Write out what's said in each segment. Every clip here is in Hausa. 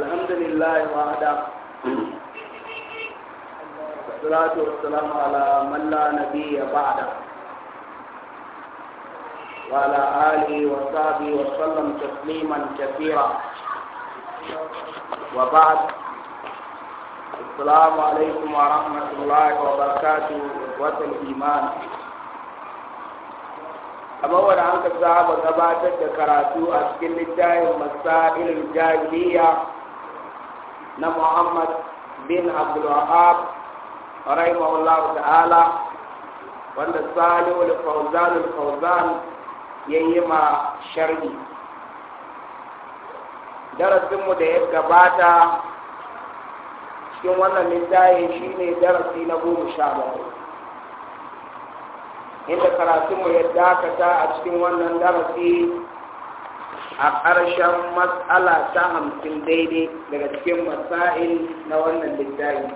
الحمد لله وعدا والصلاة والسلام على من لا نبي بعده وعلى آله وصحبه وسلم تسليما كثيرا وبعد السلام عليكم ورحمة الله وبركاته إخوة الإيمان أما wanda an ka saba كراتو da للجاي ومسائل الجاهلية na muhammad bin abdulwahab rahimahullahu ta'ala wanda salihu al-fawzan al-fawzan yayi ma sharhi darasinmu da ya gabata cikin wannan littafi shine darasi na goma sha bakwai inda karatunmu ya dakata a cikin wannan darasi a ƙarshen matsala ta hamsin daidai daga cikin masail na wannan littafi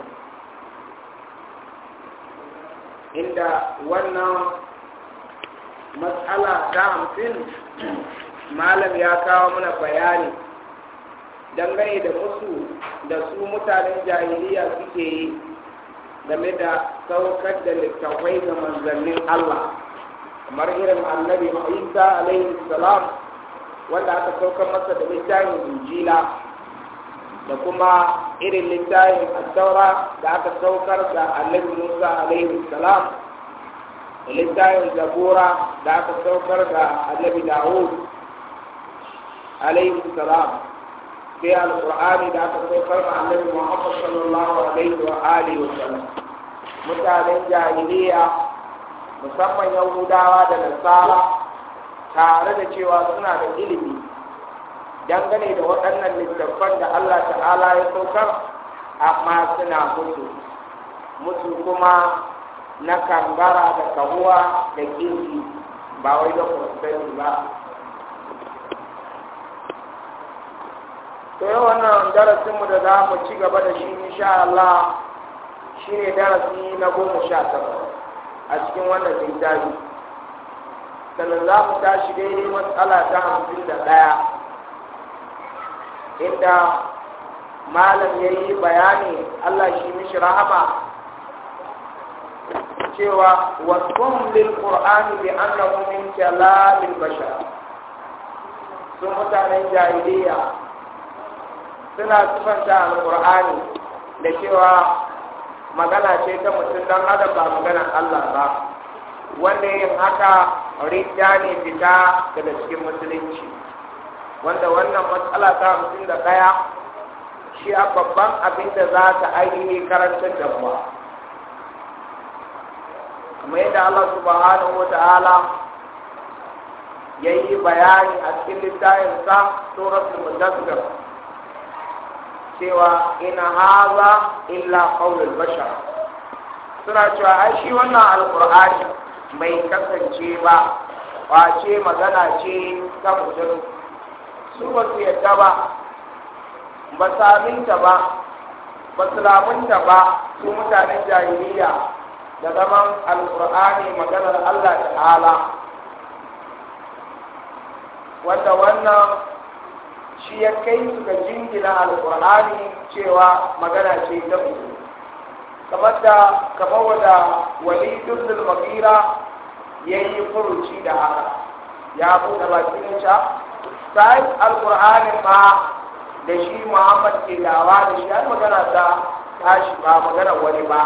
inda wannan matsala ta hamsin malam ya kawo mana bayani dangane da musu da su mutanen jahiliya suke yi game da saukar da littafai ga manzannin Allah kamar irin annabi Isa alaihi salam wanda aka saukar masa da littafin injila da kuma irin littafin attaura da aka saukar da annabi musa alaihi salam da littafin zabura da aka saukar da annabi dawud alaihi salam sai alqur'ani da aka saukar da annabi muhammad sallallahu alaihi wa alihi wa sallam mutanen jahiliya musamman yahudawa da nasara tare da cewa suna da ilimi dangane da waɗannan littattafan da Allah ta'ala ya saukar amma suna mutu mutu kuma na kangara da kahuwa da kirki ba wai da kusurari ba to yi wannan darasinmu da za mu ci gaba da shi insha Allah shi ne darasi na goma sha takwas a cikin wannan littafi sannan za mu tashi daidai matsala ta hamsin da ɗaya inda malam ya yi bayani allah shi mishi rahama cewa wasun lil qur'ani bi annahu min kalamil bashar sun mutanen jahiliya suna sifanta alqur'ani da cewa magana ce ta mutum dan adam ba magana Allah ba wanda yin haka ridda ne fita daga cikin musulunci wanda wannan matsala ta hamsin da ɗaya shi a babban abin da za ta ainihi karantar da mu da yadda Allah subhanahu wa ta'ala ya yi bayani a cikin littafinsa suratul mudaththir cewa ina haza illa qaulul bashar suna cewa ai shi wannan alqur'ani mai kasance ba ce magana ce ta mutum su ba su yadda ba ba saminta ba ba su lamunta ba su mutanen jahiliya da zaman alkur'ani maganar allah ala, wanda wannan shi ya kai su ga jingina alkur'ani cewa magana ce ta mutum kamar da kamar wadda walidun al yayi yi furuci da haka ya buɗe bakin ne sai alqur'ani ba da shi muhammad ke dawa da shi an magana ta tashi ba magana wani ba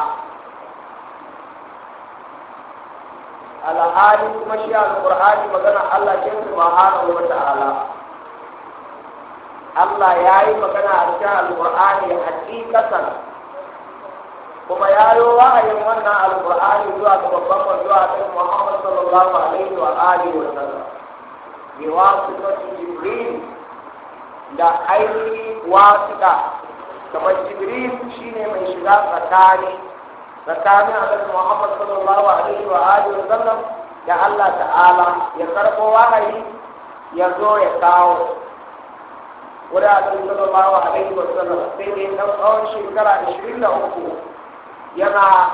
alhali kuma shi alƙur'ani magana allah ke subhanahu wa ta'ala Allah ya yi magana a cikin alƙur'ani hakikatan kuma ya yi wa'ayin wannan alƙur'ani zuwa ga babban manzo a kan Muhammad sallallahu alaihi wa alihi wa sallam bi wasitati Jibril da ainihi wasita kamar Jibril shine mai shiga tsakani tsakanin Annabi Muhammad sallallahu alaihi wa alihi wa sallam da Allah ta'ala ya karbo wahayi ya zo ya kawo wurin Annabi sallallahu alaihi wa sallam sai ne ɗan tsawon shekara 23 yana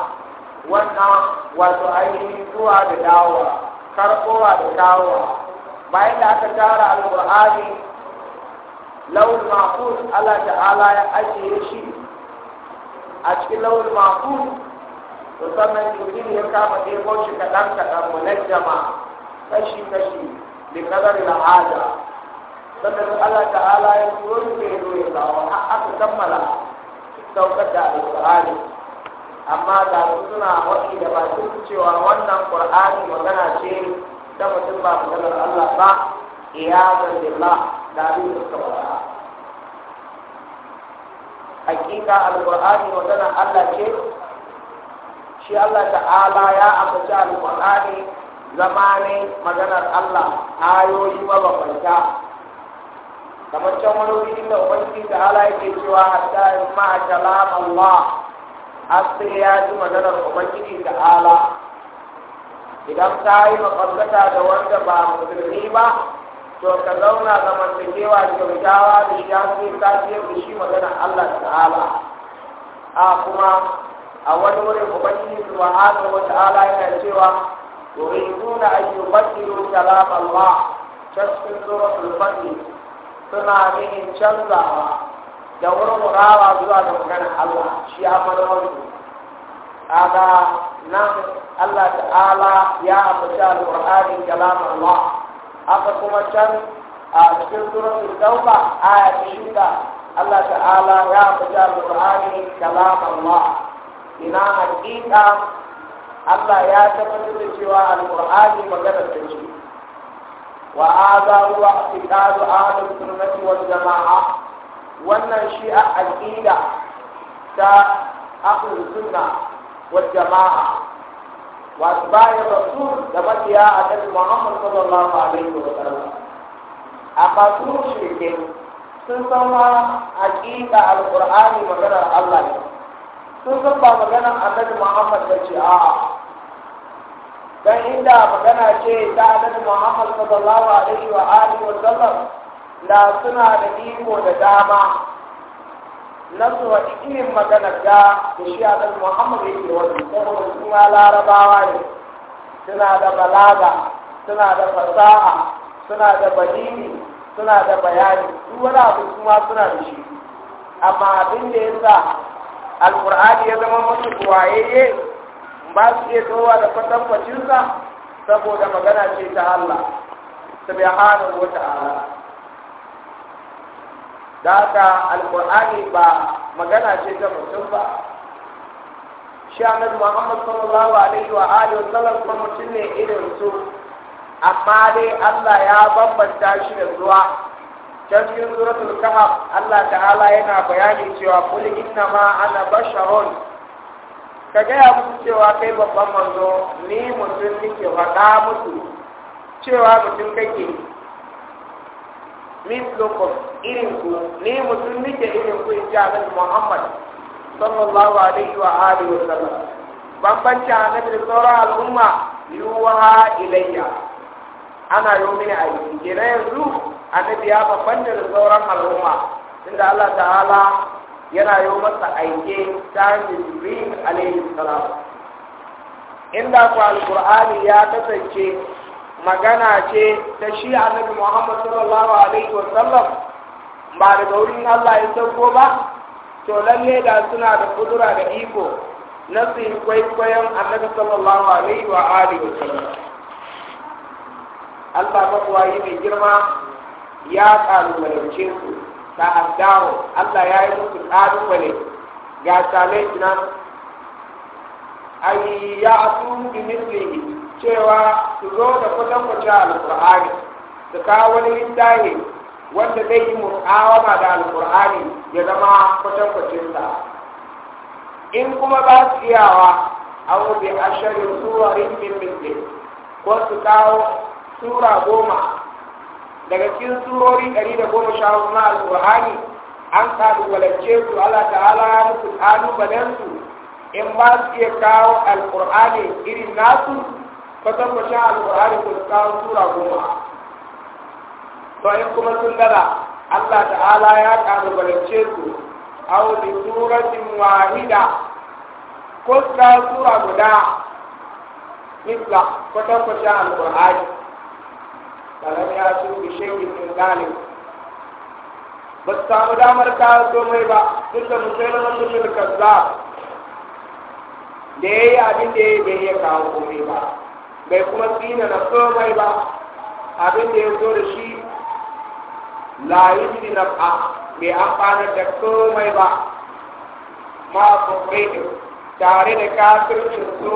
wannan wato ainihin zuwa da dawowa karɓowa da dawowa bayan da aka tara alƙur'ani laul mahfuz Allah ta'ala ya ajiye shi a cikin laul mahfuz to sannan ya kama ɗebo shi kaɗan kaɗan munajjama kashi kashi da kadar al'ada sannan Allah ta'ala ya turo shi ya zo ya har aka kammala saukar da alƙur'ani amma ga suna waɗi da ba su cewa wannan qur'ani magana ce ta mutum ba maganar Allah ba iyazan billah da abin da suka faɗa hakika alqur'ani magana Allah ce shi Allah ta'ala ya ambaci alqur'ani zama ne maganar Allah ayoyi mabambanta kamar can wani wuri da ubangiji ta'ala yake cewa hatta ma kalam Allah har sai ya ji maganar ubangiji da ala idan ta yi makwabtaka da wanda ba musulmi ba to ka zauna zamantakewa kyautawa da shi ya sai ka ce da shi maganar allah ta'ala a kuma a wani wurin ubangiji subhanahu wa ta'ala yana cewa يريدون أن يبدلوا كلام can sun سورة الفتح suna من canzawa. da warwarawa zuwa ga maganar Allah shi ya fara wani Kada nan Allah ta'ala ya fita al-Qur'ani kalam Allah aka kuma can a cikin suratul tauba aya ta shida Allah ta'ala ya fita al-Qur'ani kalam Allah ina hakika Allah ya tabbatar da cewa al-Qur'ani maganar ta ce wa hadha huwa i'tiqadu ahlus sunnati wal jama'ah wannan shi a aƙida ta ahlus sunna wal jama'a wa bayan basu da a annabi Muhammad sallallahu alaihi wa sallam amma su shirke sun san ma aƙida Alƙur'ani maganar Allah ne sun san ba maganar annabi Muhammad da ce a'a dan inda magana ce ta annabi Muhammad sallallahu alaihi wa alihi wa sallam da suna da iko da dama na su waɗi maganar da da shi a ɗan muhammad ke wani saboda suna larabawa ne suna da balaga suna da fasaha suna da balimi suna da bayani wani abu kuma suna da shi amma abin da ya sa alkur'ani ya zama musu wayayye ba su iya kowa da fatan saboda magana ce ta Allah subhanahu wa ta'ala da haka alkur'ani ba magana ce ta mutum ba shi annabi muhammad sallallahu alaihi wa alihi wasallam kuma mutum ne irin su amma dai Allah ya bambanta shi da zuwa can cikin suratul kahf Allah ta'ala yana bayani cewa kul inna ma ana basharun ka gaya musu cewa kai babban manzo ni mutum nake faɗa musu cewa mutum kake mislukum irin ku ni mutum nike irin ku inji annabi Muhammad sallallahu alaihi wa alihi wa sallam bambanci annabi da sauran al'umma yuwa ilayya ana yi mini aiki kenan yanzu annabi ya bambanta da sauran al'umma inda Allah ta'ala yana yi masa aike ta hanyar Jibril alaihi salam inda ku alqur'ani ya kasance magana ce ta shi annabi Muhammad sallallahu alaihi wa sallam ba daga wurin Allah ya sauko ba to lalle da suna da kudura da iko na su yi kwaikwayon annabi sallallahu alaihi wa alihi wa sallam Allah yi mai girma ya kalubalance su ta addawo Allah ya yi musu wale ga salai nan ayi ya asu bi mislihi cewa su zo da kwatankwacin alkur'ani su kawo wani littafi wanda zai yi mu'awama da alkur'ani ya zama kwatankwacinsa in kuma ba su iyawa a bi ashari surarin min mithli ko su kawo sura goma daga cikin surori ɗari da goma sha hudu na alƙur'ani an kalubalance su Allah ta'ala ala musu kalubalen su in ba su iya kawo alƙur'ani irin nasu kwatankwacin alkur'ani ko su kawo sura goma to in kuma sun dada allah ta'ala ya kalubalance su au bi suratin wahida ko su kawo sura guda misla kwatankwacin alkur'ani kalam ya su bi shekin min zalim ba su samu damar kawo komai ba duk da musulman musulman kazzab da ya yi abin da ya yi bai iya kawo komai ba bai kuma tsina na komai ba abin da ya zo da shi la na a bai amfani da komai ba ma kufrin tare da kafircin su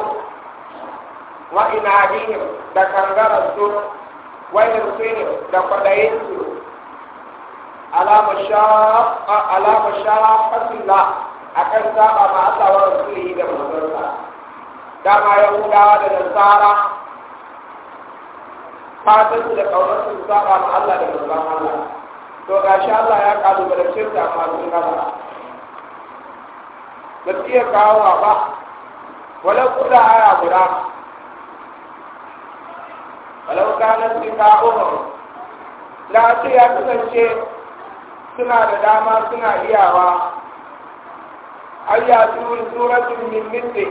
wa inadihim da kangarar su wa irsinin da kwadayin su alama shafafinla a kan saba ma asawar wa da manzansa dama yahudawa da nasara fatan da ƙaunar su saba ma Allah da ma Allah to shi Allah ya kalubalance ta ma sun gaba ba su iya kawo ba kusa a aya guda walau kanar su ka umar da su ya kasance suna da dama suna iyawa ayya suratul suratun min mitti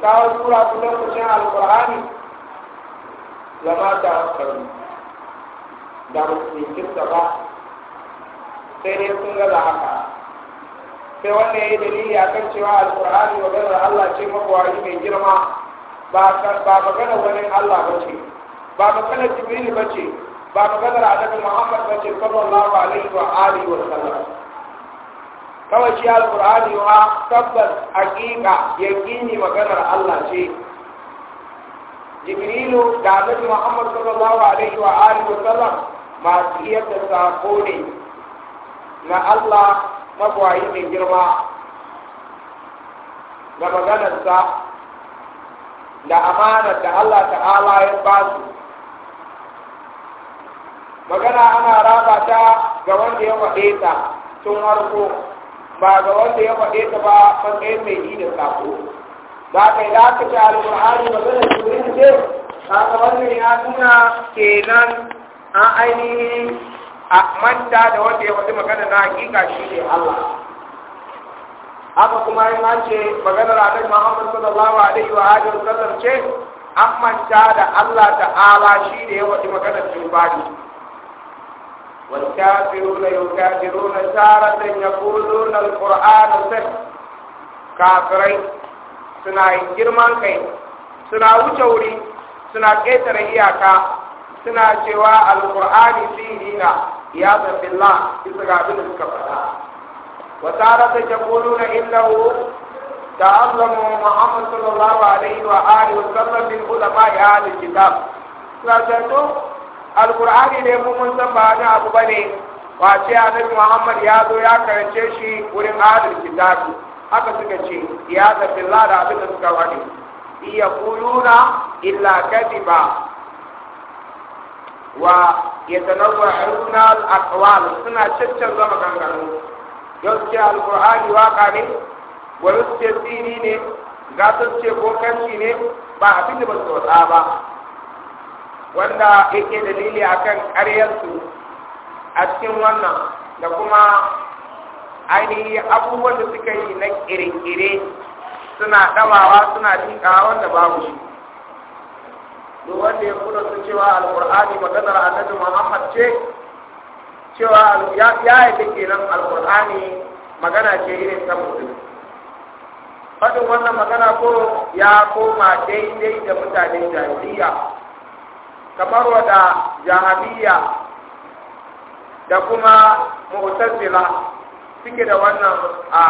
kawo sura kusan kusan alkur'ani zama da hankali da musuluncinsa ba sai dai sun gaza haka sai wanda ya yi dalili a kan cewa alƙur'ani maganar Allah ce makwari mai girma ba maganar wani Allah ba ce ba maganar jibril ba ce ba maganar annabi muhammad ba ce sallallahu alaihi wa alihi wa sallam kawai shi alƙur'ani wa tabbas haƙiƙa yaƙini maganar Allah ce jibrilu da annabi muhammad sallallahu alaihi wa alihi wa sallam masu iya da sako ne na allah mabuwayi mai girma da maganarsa da amanar da allah ta'ala ya basu magana ana raba ta ga wanda ya faɗe ta tun harko ba ga wanda ya faɗe ta ba matsayin mai yi da sako ba ka yi aka ce alƙur'ani magana turin ce kaga wannan ya nuna kenan an ainihin a manta da wanda ya faɗi magana na hakika shi ne Allah haka kuma yin ce maganar annabi Muhammad sallallahu alaihi wa alihi wa sallam ce an manta da Allah ta'ala shi ne ya faɗi maganar tubani والكافرون يكافرون تارة يقولون القرآن سحر كافرين suna girman kai suna wuce wuri suna ƙetare iyaka suna cewa alƙur'ani fi dina ya zafi la isa ga abin da suka faɗa wasara ta ke kulu na illahu da azlamu muhammad sallallahu alaihi wa alihi wa sallam min ulama ya ahli kitab suna zanto alƙur'ani ne mu mun san ba wani abu ba ne, wace annabi muhammad ya zo ya karance shi wurin ahli kitabi haka suka ce ya zafi da abin da suka wani iya kuluna illa ba wa ya tanarwa aruna al'akwal suna caccan zama gangaro yau ce alkur'ani waka ne wani ce tsini ne gasar ce bokanci ne ba abin da ba su wasa ba wanda yake dalili akan su a cikin wannan da kuma ainihin abubuwan da suka yi na kire suna ɗawawa, suna dinka wanda babu shi duk wanda ya kuna su cewa alƙur'ani maganar annabi muhammad ce cewa ya yi ke nan alƙur'ani magana ce irin ta faɗin wannan magana ko ya koma daidai da mutanen jahiliya kamar wada jahabiya da kuma mu'tazila suke da wannan a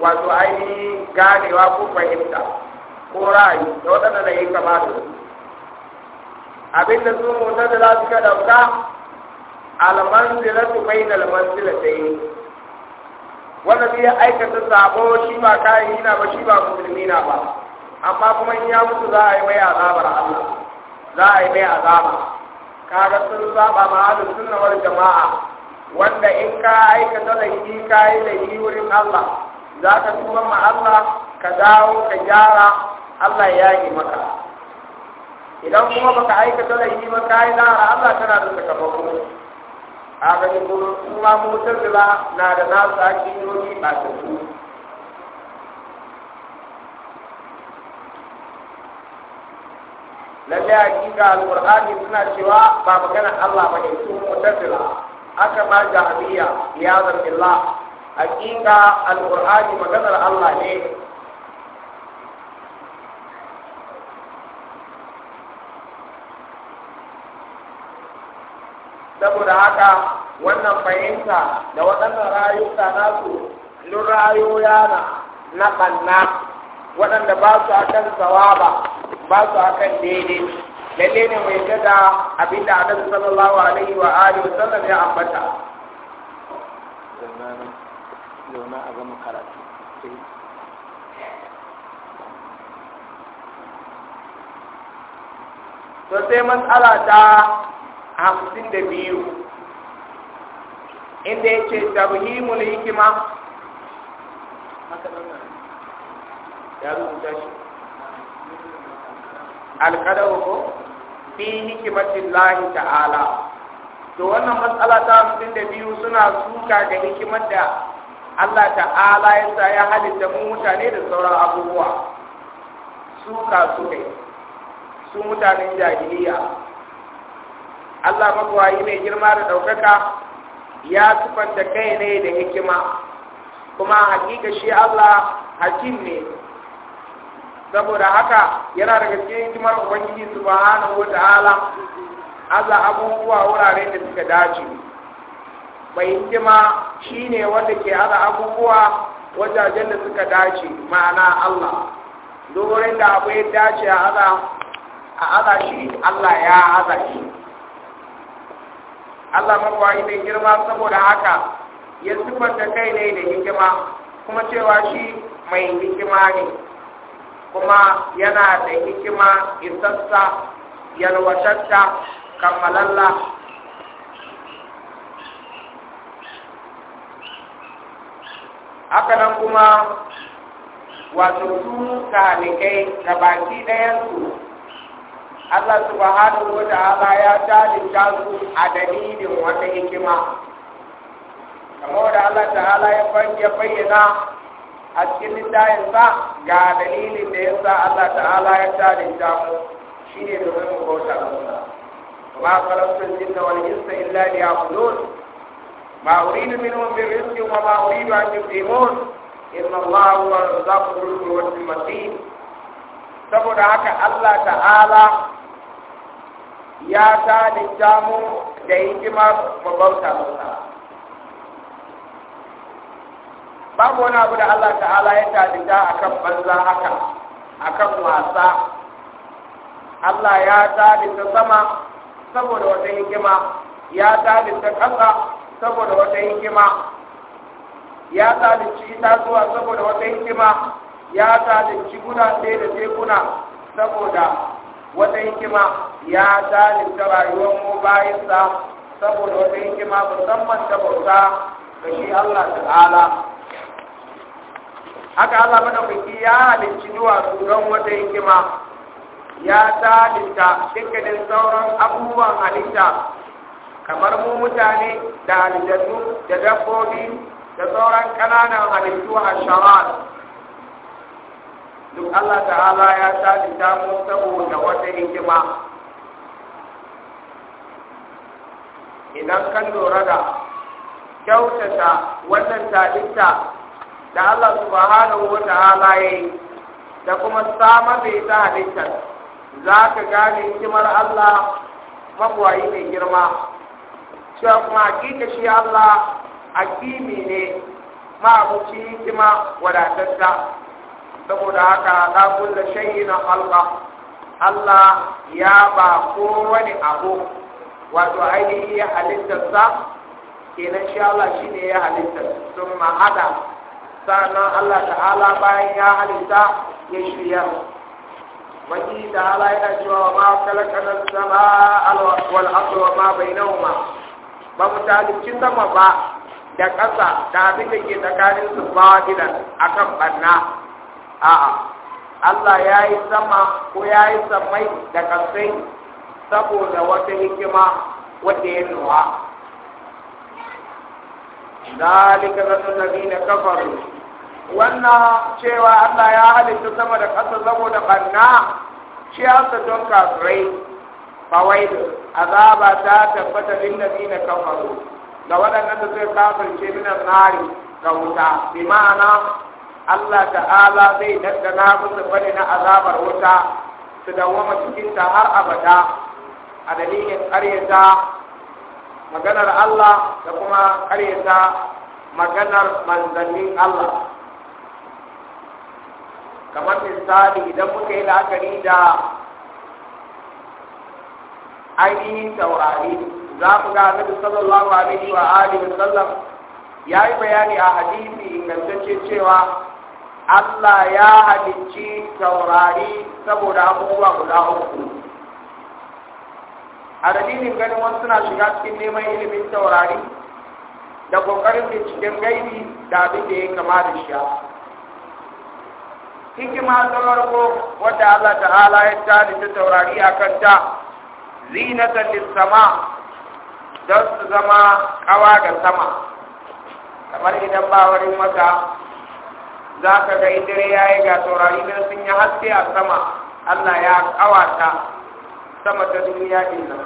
wato ainihin ganewa ko fahimta ko ra'ayi da waɗanda da yi kama da su abin da sun mota da za su ka ɗauka almanzilatu ta yi. wanda zai aikata sabo shi ba kayan yina ba shi ba musulmi na ba amma kuma in ya mutu za a yi mai azabar Allah za a yi mai azaba kaga sun zaba ma sunna wal jama'a wanda in ka aikata da shi ka yi shi wurin Allah za ka tuba ma Allah ka dawo ka gyara Allah ya yi maka idan kuma baka aikata shi ba ka yi lara Allah tana da sakamako a ganin kuma mutazila na da nasu akiyoyi ba ta su lallai al alƙur'ani suna cewa ba magana Allah ba ne su mutazila haka ma jahiliya ya zambilla hakika alqur'ani maganar Allah ne saboda haka wannan fahimta da waɗannan rayuka nasu nun rayoya na na ɓanna waɗanda ba su akan sawaba ba su akan daidai lalle ne mai gada da adam sallallahu alaihi wa alihi sallam ya ambata to sai matsala ta hamsin da biyu inda yake ce tabhimul hikima ya rubuta shi alƙadar ko fi hikimatin lahi ta'ala to wannan matsala ta hamsin da biyu suna suka ga hikimar da Allah ta'ala ya sa ya halitta mu mutane da sauran abubuwa suka su ne su mutanen jahiliya Allah makwayi mai girma da ɗaukaka ya sufanta kai ne da hikima kuma hakika shi Allah hakim ne saboda haka yana daga cikin hikimar ubangiji subhanahu ta'ala aza abubuwa wuraren da suka dace mai hikima shine wanda ke aza abubuwa wajajen da suka dace ma'ana Allah dogorin da abu ya dace a aza a aza shi Allah ya aza shi Allah wani mai girma saboda haka ya da kai ne da hikima kuma cewa shi mai hikima ne kuma yana da hikima isassa yalwatatta kammalalla Haka nan kuma wato su talibai da baki ɗayansu Allah subhanahu wa ta'ala ya talinta su a dalilin wata hikima kamar da Allah ta'ala ya bayyana a cikin littafin sa ga dalilin da ya sa Allah ta'ala ya tare da mu shine domin mu bauta masa ma jin da wani insa illa liya'budun ma uridu minhum min rizqin wa ma uridu an yut'imun inna Allah huwa razzaqu wani quwwati saboda haka Allah ta'ala ya ta da mu da hikima mu bauta masa babu wani abu da Allah ta'ala ya a kan banza haka kan wasa Allah ya tadita sama saboda wata hikima ya tadita ƙasa saboda wata hikima ya tadita itatuwa saboda wata hikima ya tadita gudaje da tekuna saboda wata hikima ya tadita rayuwar mu bayansa saboda wata hikima musamman ta bauta ga shi Allah ta'ala haka Allah madaukaki ya halicci duwatsu don wata hikima ya talinta dukkanin sauran abubuwan halitta kamar mu mutane da halittu da dabbobi da sauran kananan halittu a shawar duk Allah ta'ala ya talinta mu saboda wata hikima idan kan lura da kyautata wannan talitta da Allah subhanahu wa ta'ala yayi da kuma samar da ita halittar za ka gane hikimar Allah magwayi mai girma cewa kuma hakika shi Allah hakimi ne ma'abuci hikima wadatatta saboda haka la kullu shay'in khalqa Allah ya ba wani abu wato ainihi halittarsa kenan shi Allah ne ya halittar sun ma'ada sannan Allah ta'ala bayan ya halitta ya shirya wani ta'ala yana cewa ma kalakanar sama wal ardu wa ma bainahuma ba mu talicci sama ba da ƙasa da abin da ke tsakanin su ba a akan banna a'a Allah ya yi sama ko ya yi samai da ƙasai saboda wata hikima wata ya nuwa ذلك ظن الذين كفروا wannan cewa Allah ya halitta sama da ƙasa saboda ƙanna shi sa don kafirai da azaba ta tabbata lil ladina kafaru ga waɗannan da zai kafirce minan nari ga wuta bi ma'ana Allah ta'ala zai daddana musu bane na azabar wuta su dawoma cikin ta har abada a dalilin ƙaryata maganar Allah da kuma ƙaryata maganar manzannin Allah kamar misali idan muka yi la'akari da ainihin taurari za mu ga annabi sallallahu alaihi wa alihi sallam ya yi bayani a hadisi ingantacce cewa Allah ya halicci taurari saboda abubuwa guda uku a dalilin ganin wasu suna shiga cikin neman ilimin taurari da ƙoƙarin binciken gaibi da abin da ya kama da shi hikima ta farko wadda Allah ta'ala ya da ta taurari a kanta zinatan sama don su zama kawa ga sama kamar idan ba wurin wata za ka ga idire ya yi ga taurari don sun yi haske a sama Allah ya kawata sama ta duniya din nan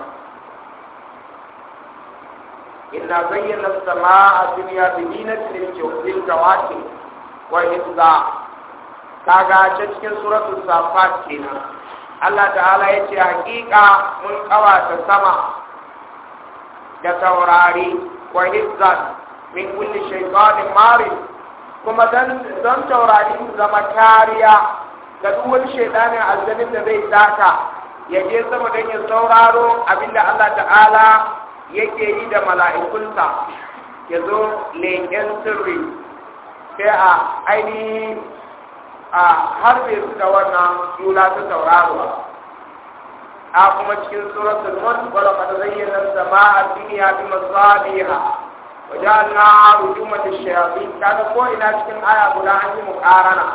إنا زينا السماء الدنيا بزينة للكواكب a kaga ta cikin suratul safat kenan Allah ta'ala ya ce hakika mun kawata sama da taurari wa hizzat min kulli shaytanin mari kuma dan dan taurari zama kariya da duk wani shaytanin azabin da zai taka ya je sama dan ya sauraro abinda Allah ta'ala yake yi da mala'ikunsa ya zo leƙen sirri sai a ainihin a har bai rubuta wannan sula ta tauraruwa a kuma cikin suratul nan wala ba zayyana ya samaa masu dunya bi Waje na ja'alna rujumat da shayatin kaga ko ina cikin aya guda an yi mukarana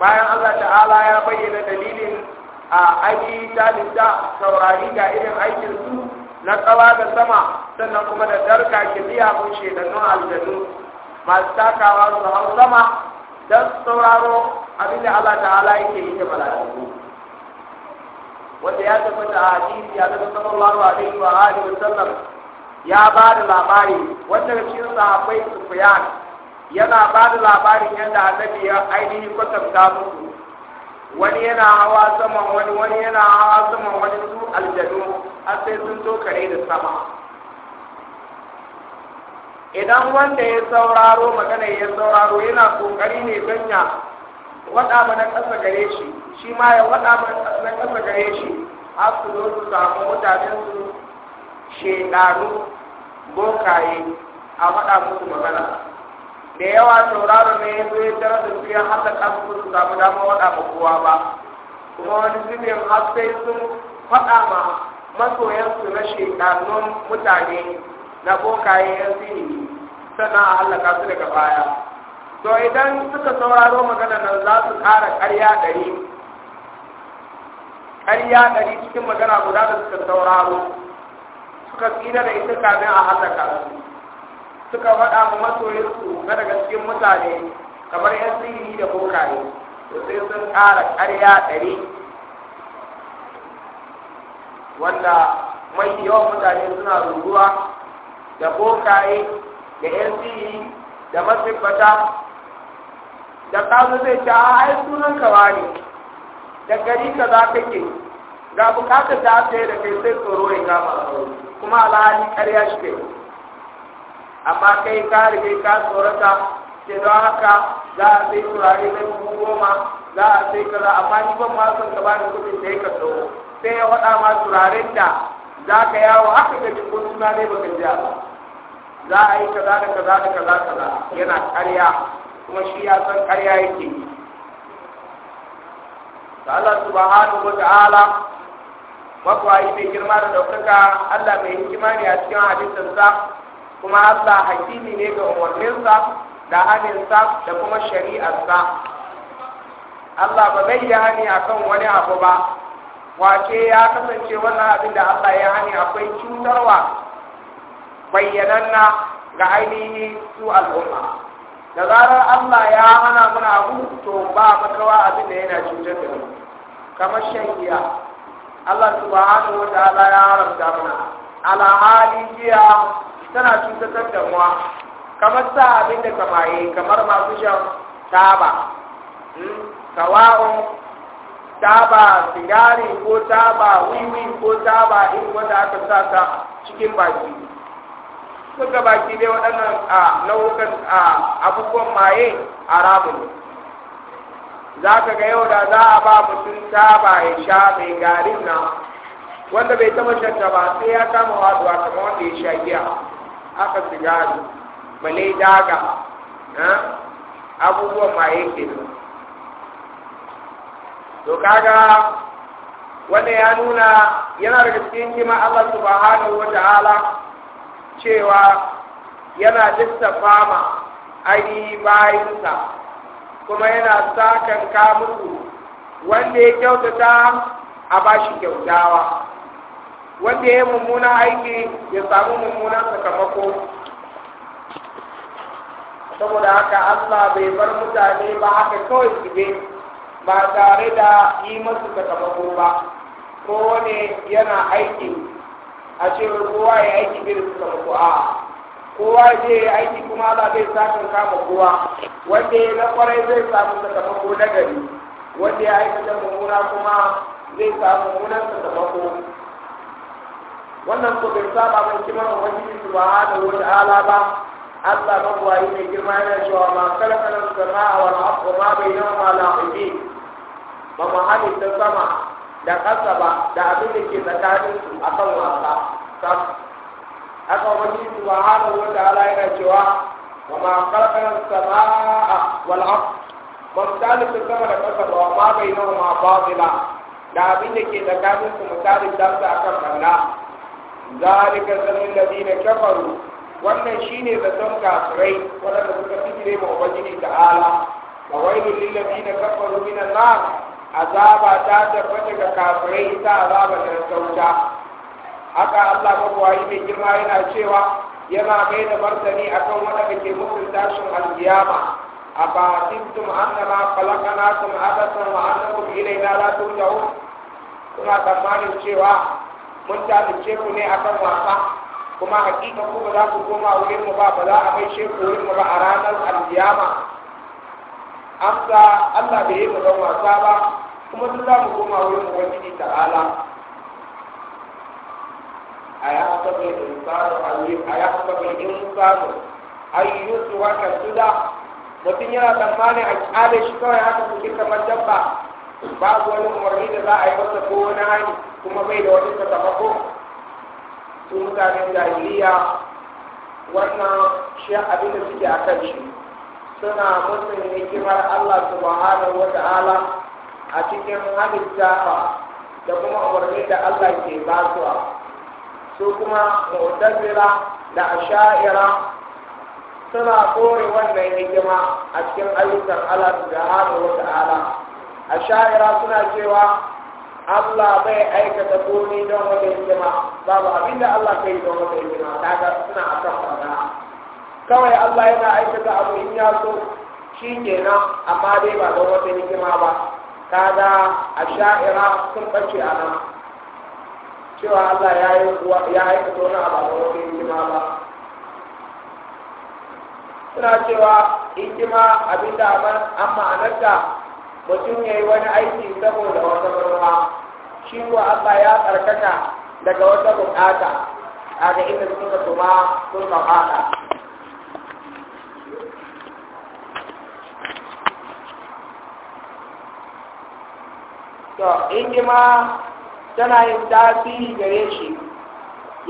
bayan Allah ta'ala ya bayyana dalilin a aji lita saurari ga irin aikin su na tsawa da sama sannan kuma da darka ke biya kun shaidannun aljanu masu takawa su hau sama don sauraro abin da Allah ta'ala yake yi ta mala'iku wanda ya tabbata a hadisi ya zama sallallahu alaihi wa alihi wa sallam ya ba da labari wanda cikin sahabbai Sufyan yana ba da labarin yadda annabi ya ainihin kwatanta musu wani yana hawa saman wani wani yana hawa saman wani su aljanu har sai sun to kare da sama idan wanda ya sauraro magana ya sauraro yana kokari ne don waɗa mana kasa gare shi shi ma ya waɗa mana kasa gare shi har su zo su samu mutanen su shekaru bokaye a faɗa musu magana da yawa tauraro ne ya zo ya tara da su ya haka kasa su samu dama waɗa ma kowa ba kuma wani zubin har sai sun faɗa ma masoyansu na shekarun mutane na bokaye yan zini sannan a hallaka su daga baya to idan suka sauraro magana nan za su ƙara ƙarya ɗari karya ɗari cikin magana guda da suka sauraro suka tsira da ita kamin a hallaka suka faɗa ma masoyinsu na daga cikin mutane kamar 'yan sihiri da bokaye to sai sun ƙara ƙarya ɗari wanda mai yawan mutane suna ruruwa da bokaye da 'yan sihiri da masibbata da kazo zai ce a ai sunan ka ne. da gari ka za ka ke ga bukatar da aka yi da kai sai tsoro ya kama kuma alhali karya shi kai amma kai ka rige ka tsorata ke don haka za a sai turare na dubu goma za a sai kaza amma ni ban ma son ka ni kuɗin da ya ka tsoro sai ya faɗa ma turaren da za ka yawo haka ga ko suna ne baka ji ba za a yi kaza da kaza da kaza kaza yana karya kuma shi ya san karya yake yi Allah subhanahu wa ta'ala yi mai girma da daukaka Allah mai hikima ne a cikin hadisinsa kuma Allah hakimi ne ga umarninsa da haninsa da kuma shari'arsa Allah ba zai yi hani a kan wani abu ba wace ya kasance wannan abin da Allah ya hani akwai cutarwa bayyananna ga ainihi su al'umma da zarar Allah ya hana mana abu to ba makawa abin da yana cutar da mu kamar shan giya Allah subhanahu wa ta'ala ya haramta mana hali giya tana cutar da mu kamar sa abin da kamaye kamar masu shan taba sawa'un hmm? taba sigari ko taba wiwi ko taba in wanda aka sa ta cikin baki suka baki dai waɗannan a nau'ukan a abubuwan maye a ne za ka ga yau da za a ba mutum ba ya sha mai garin na wanda bai taɓa shanta ba sai ya kama waduwa kamar wanda ya sha giya aka sigari bale daga abubuwan maye ke nan to kaga wanda ya nuna yana daga cikin kima Allah subhanahu wa ta'ala cewa yana lissafa ma ainihi bayansa kuma yana sakan muku wanda ya kyautata a bashi kyautawa wanda ya mummuna aiki ya samu mummunan sakamako saboda haka Allah bai bar mutane ba haka kawai su ba tare da yi masu sakamako ba ko ne yana aiki. a ce kowa ya aiki bai da suka muku a kowa ce ya aiki kuma ba zai sakin kama kowa wanda ya na kwarai zai samu sakamako na gari wanda ya aikata mummuna kuma zai samu mummunan sakamako wannan ko bai saba mai ba ubangiji da wani ala ba Allah yi mai girma yana cewa ma kalakala samaa wal ardi ma nama la'ibin ba hannun halitta sama da kasaba da abin da ke tsakanin su akan wasa kaf aka wani subhanahu wanda ta'ala yana cewa wa ma khalaqna as-samaa'a wal ardh misalin su sama da kasa ba ma bai nawa ma babila da abin da ke tsakanin su misalin da su akan banna zalika zalil na kafaru wannan shine zaton kafirai wanda suka fi girma ubangiji ta'ala wa wailul lil na kafaru minan nar azaba ta tabbata ga kafirai ita azaba da sauta haka Allah mabawai mai girma yana cewa yana kai da martani akan waɗanda ke mutunta tashin alkiyama a ba tintum annama khalaqnakum abathan wa annakum za la turja'un kuna tsammanin cewa mun talice ku ne akan wasa kuma hakika ku ba za ku koma wurin mu ba ba za a kai sheku wurin mu ba a ranar alkiyama amsa Allah bai yi mu wasa ba kuma duk za mu koma wurin ubangiji ta'ala a ya hasabu insanu a ya hasabu insanu ayyusu haka suda mutum yana tsammanin a kyale shi kawai haka ke kamar dabba babu wani umarni da za a yi masa ko wani hali kuma bai da wani sakamako su mutanen jahiliya wannan shi abin da suke a kan shi suna mutum kimar Allah subhanahu wa ta'ala a cikin halittawa da kuma umarni da Allah ke basuwa su kuma mu'tazila da asha'ira suna kore wannan hikima a cikin ayyukan Allah subhanahu wa ta'ala asha'ira suna cewa Allah bai aikata komai don wata hikima babu abinda Allah kai don wata hikima kaga suna akan fada kawai Allah yana aikata abu in ya so shi kenan amma dai ba don wata hikima ba kaga a sha'ira sun ɓace a nan cewa Allah ya yi ya aikata wani abu da hikima ba suna cewa hikima abinda an ma'anarta mutum ya yi wani aiki saboda wata murma shi ko Allah ya tsarkaka daga wata bukata a ga inda suka tuma sun faɗa to ingima tana yin tasiri gare shi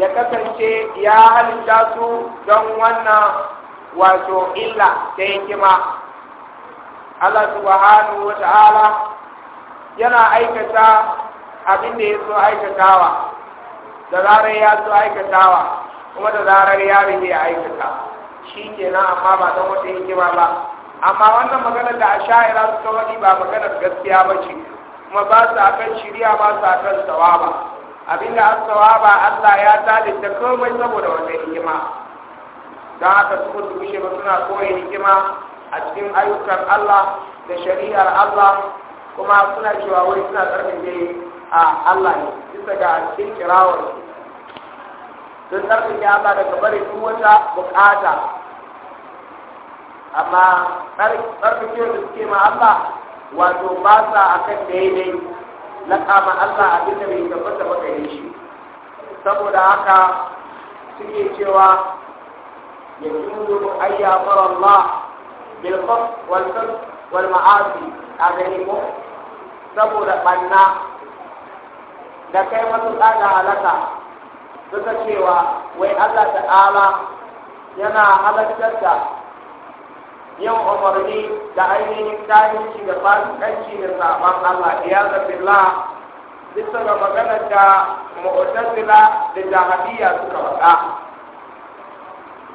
ya kasance ya halitta su don wannan wato illa ta hikima Allah subhanahu wa ta'ala yana aikata abin da ya so aikatawa da zarar ya so aikatawa kuma da zarar yari ya aikata shi ke nan amma ba don wata hikima ba amma wannan maganar da a sha'ira ta wani ba maganar gaskiya ba ce kuma ba su akan shirya ba su akan tsawaba abinda an tsawaba Allah ya ta komai saboda wata hikima don haka su su gushe ba suna koyi hikima a cikin ayyukan Allah da shari'ar Allah kuma suna cewa wani suna ne a Allah ne bisa ga cikin kirawar sun tsarkake Allah daga bari duk wata bukata amma tsarkake da suke ma Allah wato ba sa a kan daidai kama Allah a da bai tabbata ba yi shi saboda haka suke cewa yajuzu ayya amara Allah bil qasd wal a gani ko saboda banna da kai masu tsada halaka suka cewa wai Allah ta'ala yana halartar da yin umarni da ainihin tarihi da fasikanci da sabon Allah ya zafi bisa ga maganar da mu'tazila da jahadiyya suka faɗa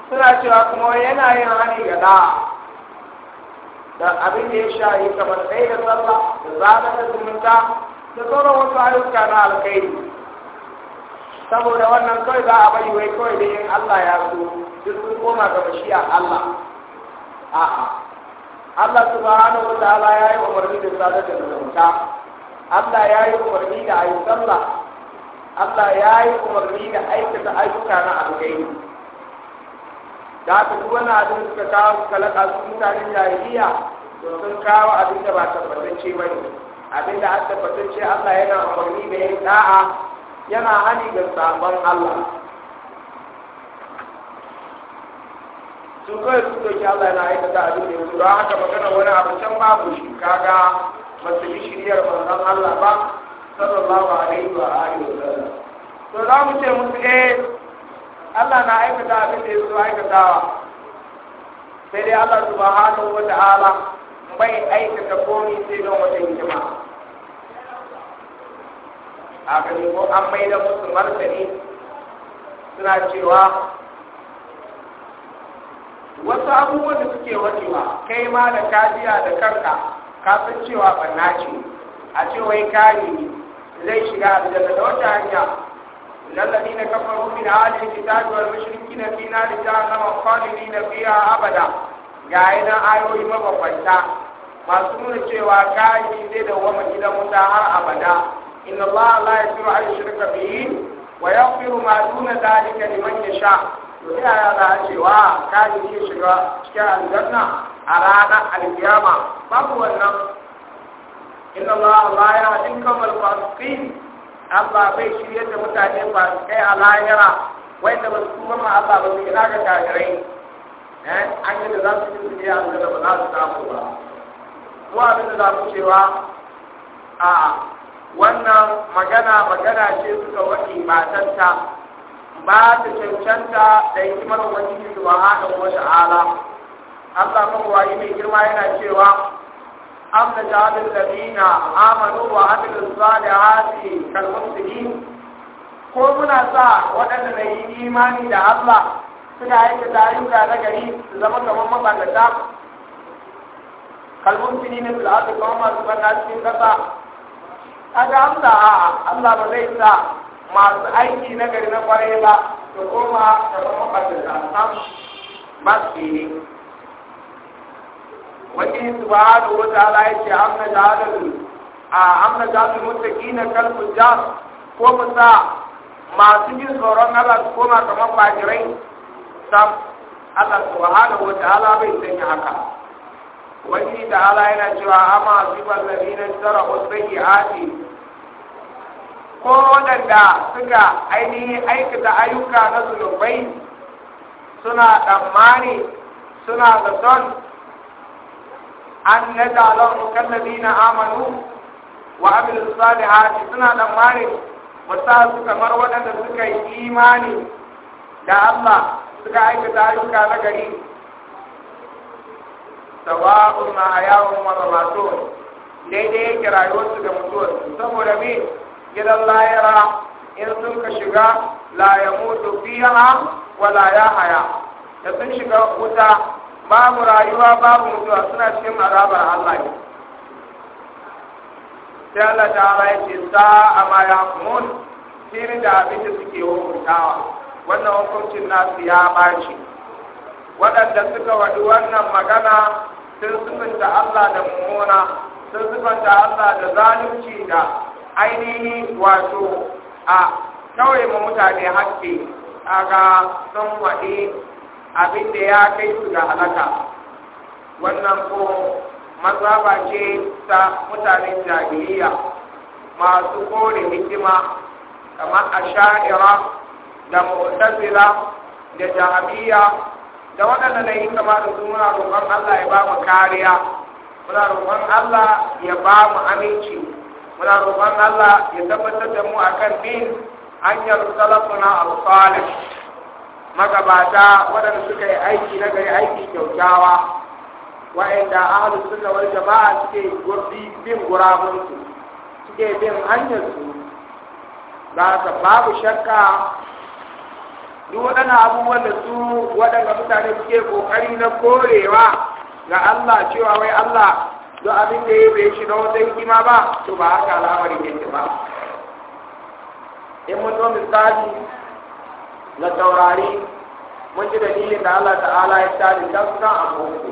suna cewa kuma yana yin hani ga da da abin da ya sha yi kamar ɗaya da sallah da zana da zumunta da sauran wasu ayyuka na alkhairi saboda wannan kawai za a bari wai kawai da yin Allah ya so duk sun koma ga bashiya Allah a'a Allah subhanahu wa ta'ala ya yi umarni da sadar da zumunta Allah ya yi umarni da ayi sallah Allah ya yi umarni da aikata ayyuka na alkhairi da haka duk wani abin da suka kawo suka laƙa su mutanen jahiliya to sun kawo abin da ba tabbatacce ba ne abin da an tabbatacce Allah yana umarni da yin da'a yana hani da sabon Allah sun kawai sun doki Allah yana aikata abin da ya don haka magana wani abu can babu shi kaga masu yi shiriyar manzon Allah ba sallallahu alaihi wa alihi wa sallam to za mu ce musu eh Allah na aikata abin da ya zo aikatawa sai dai Allah subhanahu wa ta'ala bai aikata komai sai don wata hikima a ne ko an da musu martani suna cewa wasu abubuwan da suke wajewa kai ma da kajiya da kanka kafin cewa banna ce a ce wai kari zai shiga aljanna da wata hanya lallabi na kafar rufin halin kitabi wal mushriki na fina da zama khalidi na fiya abada ga yi ayoyi mabambanta masu nuna cewa kari zai wama gidan wuta har abada inna ba la yaghfiru an shirka bihi wa yaghfiru ma duna dhalika liman sha ina yana cewa kayan ke shiga cikin aljanna a ranar alkiyama babu wannan Ina ba a baya in kamal fasikin Allah bai shirye da mutane ba kai a lahira wanda ba su kuma ma Allah ba su kira ga kafirai eh, an yi da za su yi su ya da ba za su samu ba Kuma abin da za mu cewa a wannan magana magana ce suka wani matanta ba ta cancanta da hikimar ubangiji subhanahu wa ta'ala Allah mawai mai girma yana cewa am da jahilul ladina amanu wa amilus salihati kal muslimin ko muna sa waɗanda da yi imani da Allah suna yake da ayyuka na gari su zama kamar mabalata kalmun fini ne su la'adu kawo masu banna cikin kasa a ga Allah a Allah ba zai sa masu aiki na gari na kwarai ba da koma da kuma ɓatar da sam ba su ne wani su ba da wata ala ya ce amna jahalar a amna mutu ki na kalfin jam ko mu sa masu jin tsoron Allah su koma kamar fajirai sam Allah subhanahu wata ala bai sanya haka wani da ala yana cewa amma sifar ladina tara usayyi'ati ko waɗanda suka ainihin aikata ayyuka na zunubai suna tsammani suna da son. an na dalon kallabi na amanu wa amilu salihati suna tsammani sa su kamar waɗanda suka yi imani da Allah suka aikata ayyuka na gari sawa'un ma hayawun daidai yake rayuwarsu da mutuwarsu saboda me gidan lahira in sun ka shiga la ya wala ya haya da sun shiga wuta babu rayuwa babu mutuwa suna cikin azabar Allah ne sai Allah ta ala ya ce ya kumun sirri da abin suke hukuntawa wannan hukuncin nasu ya ɓaci waɗanda suka waɗi wannan magana sun sufanta Allah da mumuna, sun sufanta Allah da zalunci da ainihi wato a kawai ma mutane haske a ga sun waɗe abin da ya kai su ga halaka wannan ko mazaba ce ta mutanen jahiliya masu kore hikima kamar a sha'ira da mu'tazila da jahabiya da waɗanda na yi kama da su muna roƙon Allah ya ba mu kariya muna roƙon Allah ya ba mu aminci muna roƙon Allah ya tabbatar da mu akan bin hanyar salafuna al-salih magabata waɗanda suka yi aiki na gari aiki kyautawa wa'anda ahlus sunna wal jama'a suke gurbi bin su suke bin hanyar su za ka babu shakka duk waɗannan abubuwan da su waɗanda mutane suke ƙoƙari na korewa ga Allah cewa wai Allah Duk abin da ya bai shi wajen wata hikima ba to ba haka alamar yake ba in mun zo misali na taurari mun ji dalilin da Allah ta'ala ya tsari ta su a koko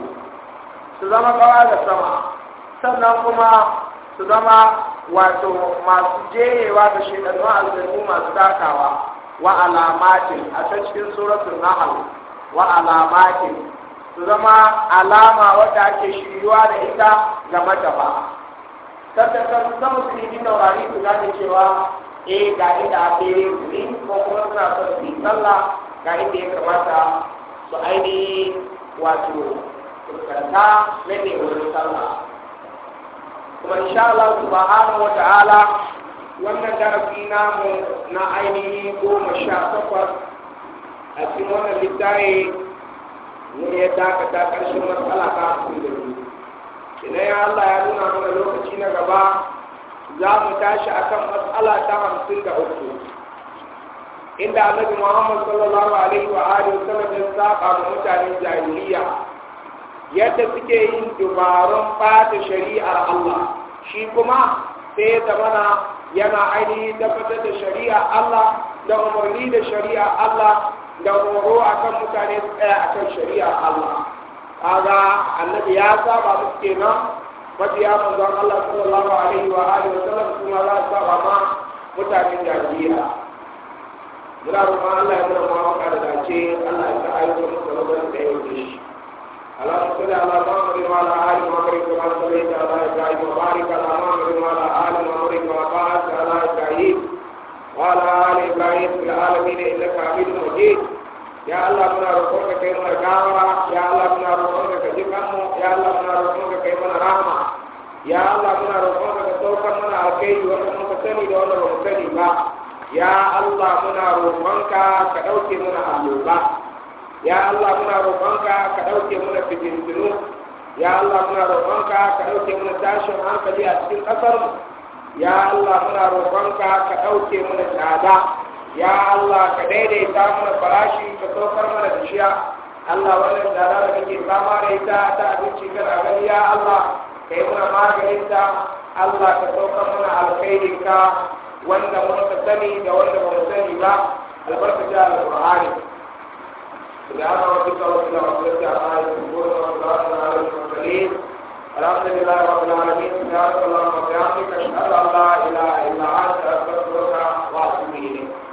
su zama kawa da sama sannan kuma su zama wato masu jerewa da shekaru aljanu masu takawa wa alamatin a ta cikin suratul nahl wa alamatin su zama alama wadda ake shiruwa da ita ga mataba tattakar samun su yi taurari su gane cewa e ga inda ake yin wuri ko kuma suna so su yi sallah ga inda ya kamata su ainihi wato fuskanta na ne wurin sallah kuma insha Allah subhanahu wa ta'ala wannan darasi namu na ainihi goma sha takwas a cikin wannan littafi mun ya dakata ƙarshen matsala ta hamsin da ni. idan ya Allah ya nuna mana lokaci na gaba za mu tashi akan matsala ta hamsin da uku inda annabi Muhammad sallallahu alaihi wa alihi wa sallam ya saba ga mutanen jahiliya yadda suke yin dubarun bata shari'ar Allah shi kuma sai ya zamana yana ainihin tabbatar da shari'a Allah da umarni da shari'ar Allah da horo akan mutane su tsaya kan shari'a Allah kaga annabi ya saba musu kenan mabiya manzon Allah sallallahu alaihi wa alihi wa sallam kuma za su saba ma mutane da jiya. muna roƙon Allah ya ma mawaka da dace Allah ya ta aiki musu da da yau da shi Allahumma ba mu Muhammad hankali a cikin ƙasarmu ya Allah muna roƙonka ka ɗauke mana tsada ya Allah ka daidaita mana farashi ka saukar mana bishiya Allah wannan tsada da kake fama da ita ta abinci kan abin ya Allah ka yi mana maganin ta Allah ka saukar mana alkhairin ka wanda mun ka sani da wanda ba mu sani ba albarkaci alqur'ani سبحان ربك رب العزة عما يصفون وسلام على المرسلين الحمد لله رب العالمين سبحانك اللهم وبحمدك اشهد ان لا اله الا انت استغفرك واتوب اليك